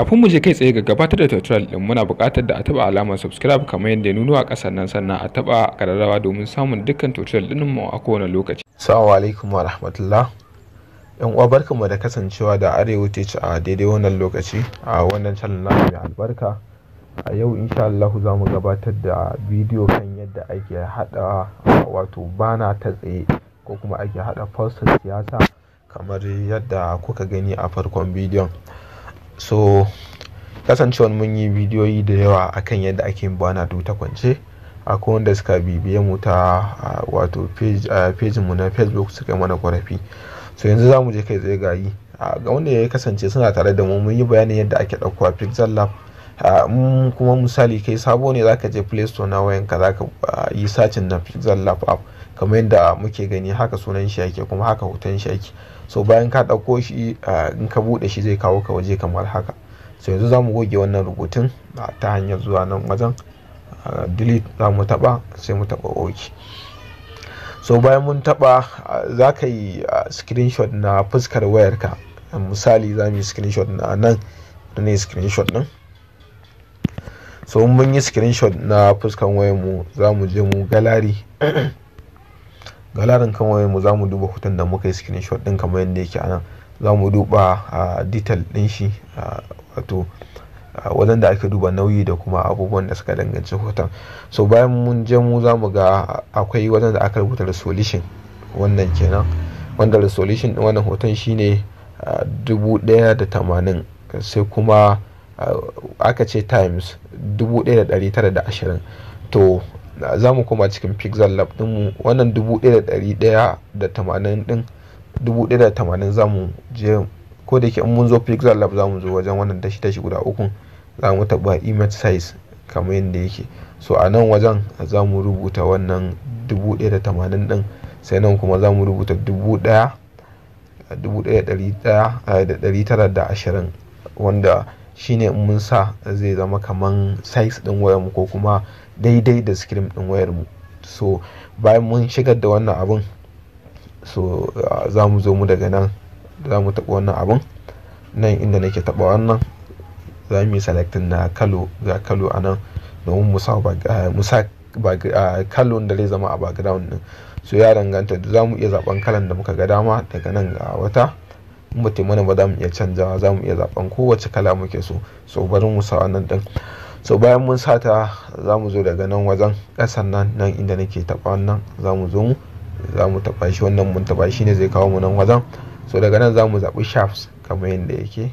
kafin mu je kai tsaye ga gabatar da tutorial din muna buƙatar da a taba alamar subscribe kamar yadda nuno a ƙasar nan sannan a taba kararrawa domin samun dukkan tutorial din mu a kowane lokaci assalamu alaikum wa rahmatullah yan uwa barkamu da kasancewa da arewa tech a daidai wannan lokaci a wannan channel na mai albarka a yau insha Allah za mu gabatar da bidiyo kan yadda ake hada wato bana ta tsaye ko kuma ake hada falsar siyasa kamar yadda kuka gani a farkon bidiyon so kasancewar mun yi bidiyoyi da yawa akan yadda ake bana duta ta kwance a wanda suka bibiye mu ta wato page mu na facebook suka mana korafi so yanzu za mu je kai zai gayi ga wanda ya kasance suna tare da mu mun yi bayanin yadda ake ɗauko a pixel lab kuma misali kai sabo ne zaka je play store na wayanka ka yi sacin na pixel lab app kamar yadda muke gani haka sunan shi ake kuma haka hoton shi ake so bayan ka ɗauko shi in ka buɗe shi zai kawo ka waje kamar haka so yanzu za mu goge wannan rubutun ta hanyar zuwa nan wajen delete za mu taɓa sai mu taɓa ok so bayan mun taba za ka yi screenshot na fuskar wayarka misali za mu yi screenshot na nan da ne screenshot ɗin so mun yi screenshot na fuskan wayarmu za mu je mu galari galarin kan wayar mu za mu duba hoton da muka yi screenshot din kamar yadda yake anan za mu duba a detail din shi wato wajen da ake duba nauyi da kuma abubuwan da suka danganci hoton so bayan mun je mu za mu ga akwai wajen da aka rubuta resolution wannan kenan wanda resolution din wannan hoton shine 1080 sai kuma aka ce times ashirin to za mu koma cikin pixel lab dinmu wannan 1180 din 1080 za mu je ko da yake in mun zo pixel lab za mu zo wajen wannan tashi tashi guda ukun za mu taba image size kamar yadda yake so a nan wajen za mu rubuta wannan 1080 din sai nan kuma za mu rubuta 1920 eh, wanda shine in mun sa zai zama kaman size din mu ko kuma daidai da screen ɗin wayar mu so bayan mun shigar da wannan abun so ah, za mu zo mu daga nan za mu taɓa wannan abun nan inda nake taɓa wannan za mu yi selecting na kalo ga kalo a nan domin mu sa ah, ah, kalon da zai zama a background din so ya danganta za mu iya zaben kalan da muka ga dama daga nan ga wata in ba mana ba za mu iya canjawa za mu iya zaben kowace kala muke so so bari mu sa wannan din so bayan mun sata za mu zo daga nan wajen ƙasan nan nan inda nake taɓa nan za mu zo za mu taɓa shi wannan mun taɓa shi ne zai kawo mu nan wajen so daga nan za mu zaɓi shafts kamar yadda yake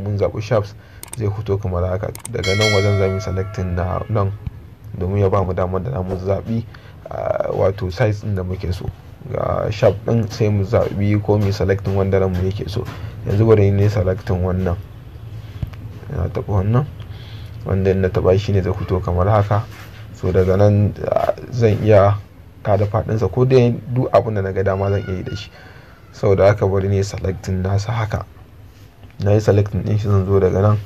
mun zaɓi shafts zai fito kamar haka daga nan wajen za mu selecting na nan domin ya ba mu damar da mu zaɓi wato size ɗin da muke so ga shaf ɗin sai mu zaɓi ko mu selecting wanda mu yake so yanzu bari ne selecting wannan na taɓa wannan wanda na taɓa shi ne zai fito kamar haka so daga nan ah, zan iya kada faɗinsa ko dai duk abin da na ga dama zan iya yi da shi sau da aka bari ne selecting nasa haka na yi selecting ɗin shi zan zo daga nan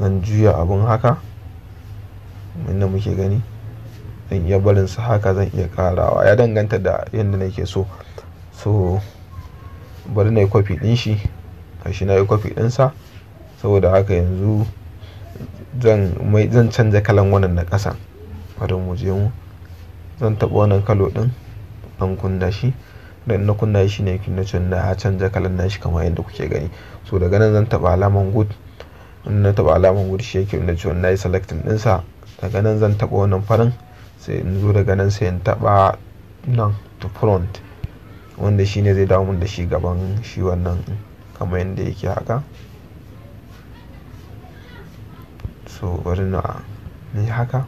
zan juya abin haka inda muke gani zan iya barin su haka zan iya karawa ya danganta da yadda nake so so bari na yi kwafi ɗin shi kashi na yi kwafi ɗinsa saboda haka yanzu zan canza kalan wannan na ƙasa farin mu je mu zan taɓa wannan kalo ɗin zan kunna shi na kunna shi ne kin nace na canza kalan nashi kamar yadda kuke gani so daga nan zan taɓa alaman good in na taɓa alaman good shi yake nuna cewa yi selecting ɗinsa daga nan zan taɓa wannan farin sai in zo daga nan sai in taɓa nan to front wanda shine zai dawo mun da shi gaban shi wannan kamar yadda yake haka so bari na yi haka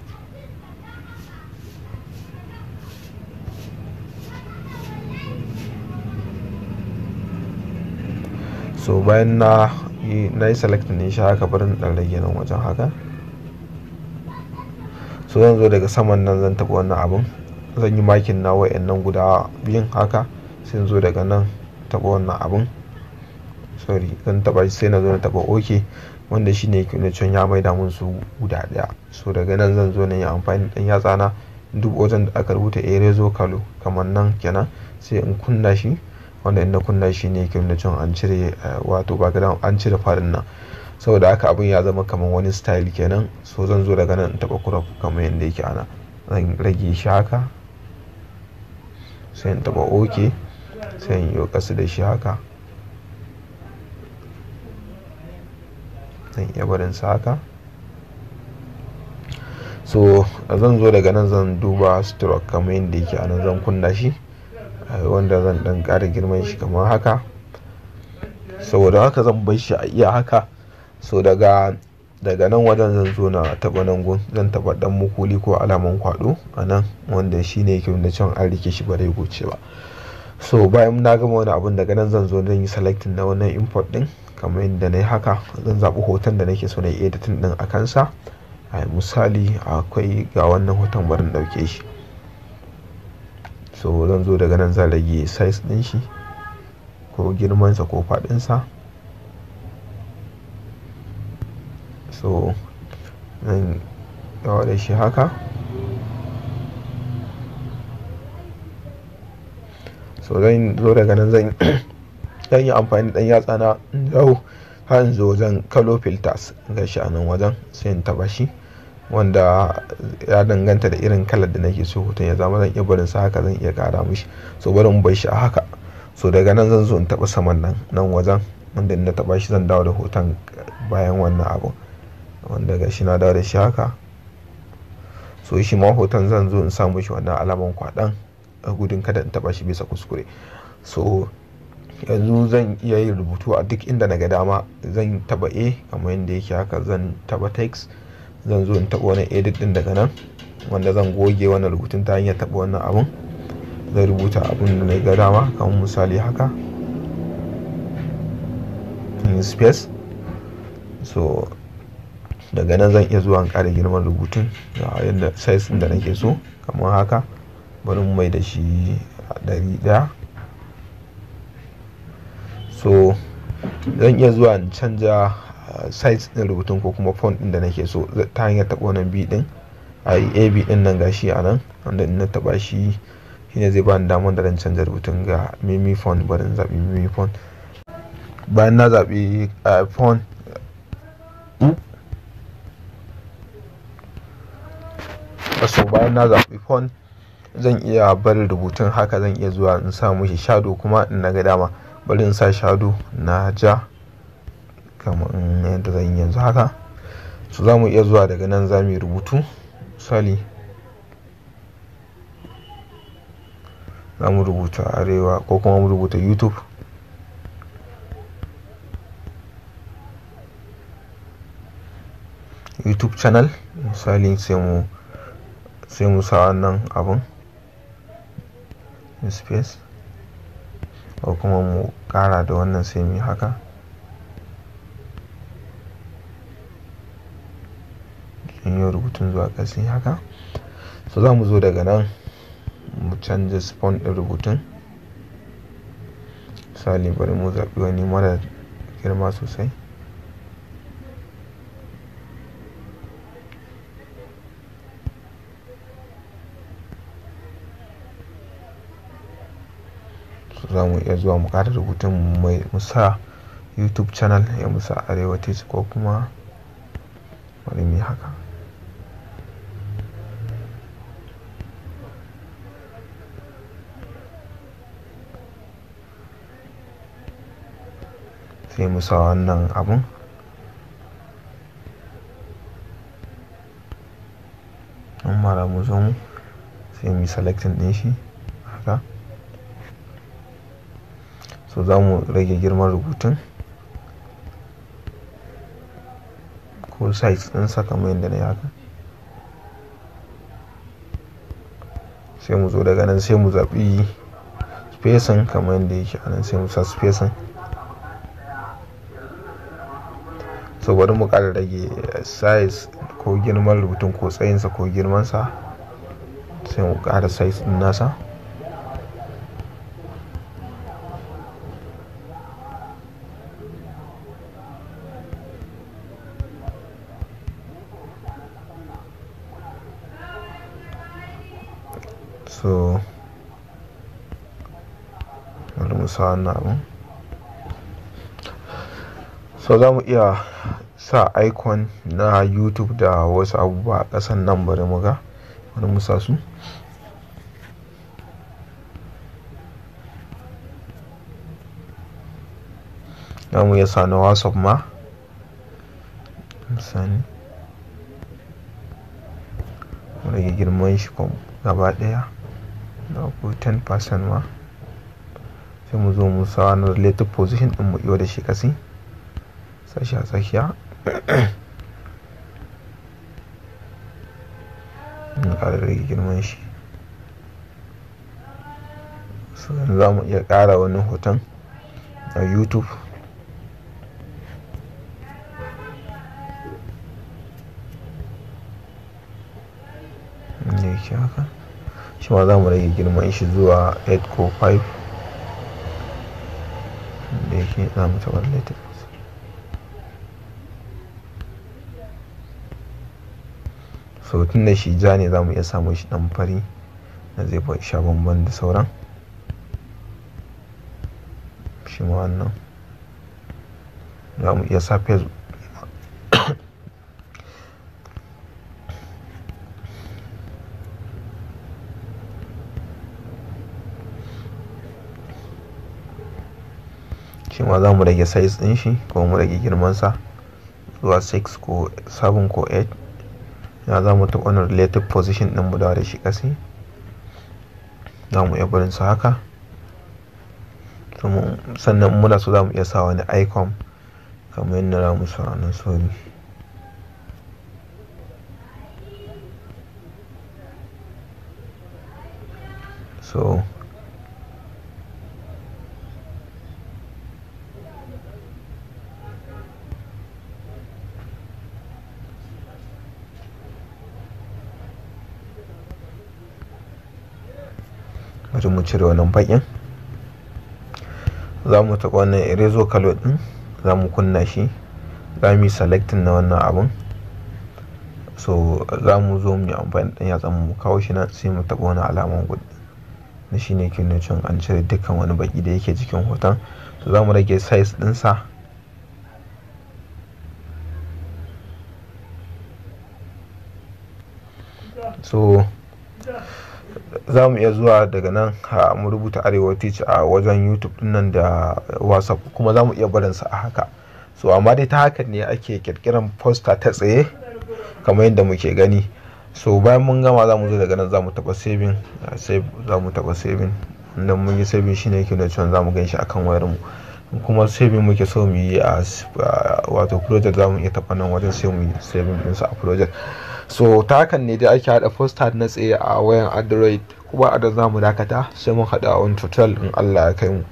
so bayan na yi select ne shi haka bari dan rage nan wajen haka so zan zo daga saman nan zan taɓa wannan abun zan yi makin na nan guda biyun haka sai zo daga nan taɓa wannan abun sorry zan taɓa sai na zo na taɓa ok wanda shine yake nuna ya maida mun su guda daya so daga nan zan zo na yi amfani dan yatsa na duk wajen da aka rubuta erezo kalo kamar nan kenan sai in kunna shi wanda in na kunna shi ne yake nuna an cire eh, wato gadan an cire farin nan saboda haka abin ya zama kamar wani style kenan so zan zo daga nan in taba kurof kamar yadda yake ana zan rage shi haka sai in taba oke sai in yi kasu da shi haka zan iya barin sa haka so zan zo daga nan zan duba stroke kamar yadda yake a nan zan kunna shi eh, wanda zan dan ƙara girman shi kamar haka saboda haka zan bar shi a iya haka so daga daga nan wajen zan zo na taba nan gun zan taba dan mukuli ko alaman kwado a nan wanda shine yake da cewa an rike shi ba zai goce ba so bayan na gama wani abun daga nan zan zo zan yi selecting na wannan import din kamar yadda na yi haka zan zaɓi hoton da nake so na yi editing din a kansa a misali akwai ga wannan hoton barin ɗauke shi so zan zo daga nan zan rage size din shi ko girmansa ko faɗinsa so zan yawa da shi haka so zan zo daga nan zan zan yi amfani da ɗan yatsa na jawo har zo wajen kalo filters ga shi a nan wajen sai in taba shi wanda ya danganta da irin kalar da nake so hoton ya zama zan iya barin sa haka zan iya kara mishi so barin bai shi a haka so daga nan zan zo in taba saman nan nan wajen wanda na taba shi zan dawo da hoton bayan wannan abu wanda ga shi na dawo da shi haka so shi ma hoton zan zo in sa mishi wannan alaman kwaɗan A gudun kada in taba shi bisa kuskure so yanzu zan iya yin rubutu a duk inda na ga dama zan taba a kamar yadda yake haka zan taba text zan zo in taba wani edit din daga nan wanda zan goge wani rubutun ta hanyar taba wannan abun zan rubuta abun da na ga dama kamar misali haka in space so daga nan zan iya zuwa in kara girman rubutun a yadda size da nake so kamar haka bari mu mai da shi a ɗari ɗaya so zan iya zuwa in canja uh, site ɗin rubutun ko kuma font ɗin da nake so ta hanyar taɓa wannan b ɗin a ab ɗin nan shi a nan wanda in na taɓa shi shine zai bani damar da zan canja rubutun ga mimi font bari na zaɓi mimi font bayan na zaɓi uh, font uh, so bayan na zaɓi font zan iya bar rubutun haka zan iya zuwa in sa mushi shado kuma in na ga dama bari in sa shado na ja kamar yadda zan yanzu haka su za mu iya zuwa daga nan za mu rubutu misali za mu rubuta arewa ko kuma mu rubuta youtube youtube channel misali sai mu sa wannan abun space ko kuma mu kara da wannan sai mu haka janyo rubutun zuwa ƙasin haka so za mu zo daga nan mu canza spawn ɗin rubutun misali bari mu zaɓi wani mara girma sosai za mu iya zuwa mu ƙara rubutun mai musa youtube channel ya musa arewa teach ko kuma wani mai haka sai musa wannan abun in mara mu zo sai mu selectin din shi haka so za mu rage girman rubutun ko size ɗinsa kamar yadda na yi haka sai mu zo daga nan sai mu zaɓi spacing kamar yadda yake a nan sai mu sa spacing so bari mu ƙara rage size ko girman rubutun ko tsayinsa ko girmansa sai mu ƙara size ɗin nasa so bari mu sa wannan so za mu iya sa icon na youtube da wasu abubuwa a ƙasan nan bari mu ga bari mu sa su za mu iya sa na whatsapp ma sani Wani girman shi gaba ɗaya na ku 10% ma sai mu zo mu sa na relative position din mu iya da shi kasi sashi a tsakiya na ƙara rage girman shi sannan za mu iya ƙara wani hoton a youtube ne haka shi ma za mu rage girman shi zuwa 8 ko 5 da yake za mu taɓa latin sautin da shi ja ne za mu iya samu shi ɗan fari na zai sha bamban da sauran shi ma wannan za mu iya sa facebook shi za mu rage size din shi ko mu rage girmansa zuwa 6 ko 7 ko 8 ya za mu ta wani relative position din mu da shi kasi za mu iya barin su haka sannan muna so za mu iya sa wani icon kamar yadda za mu sa sori sorry so Wajen mu cire wannan bakin za mu taɓa wannan erezo color ɗin za mu kunna shi za mu yi selectin na wannan abin so za mu zo mu yi amfani da yatsan mu kawo shi nan sai mu taɓa wani alaman gudu na shi ne ke nuna an cire dukkan wani baki da yake cikin hoton to za mu rage size ɗinsa so za mu iya zuwa daga nan mu rubuta arewa teach a wajen youtube nan da whatsapp kuma za mu iya sa a haka so amma dai ta haka ne ake kirkiran poster ta tsaye kamar yadda muke gani so bayan mun gama za mu zo daga nan za mu taba saving za mu taba saving nan mun yi saving shine yake nuna cewa za mu gan shi akan wayar mu kuma saving muke so mu yi a wato project za mu iya taba nan wajen sai mu yi saving a project so ta hakan ne da ake haɗa postcard na tsaye a wayan android kuma a da za mu dakata sai mun haɗu a wani tutorial in allah ya kai mu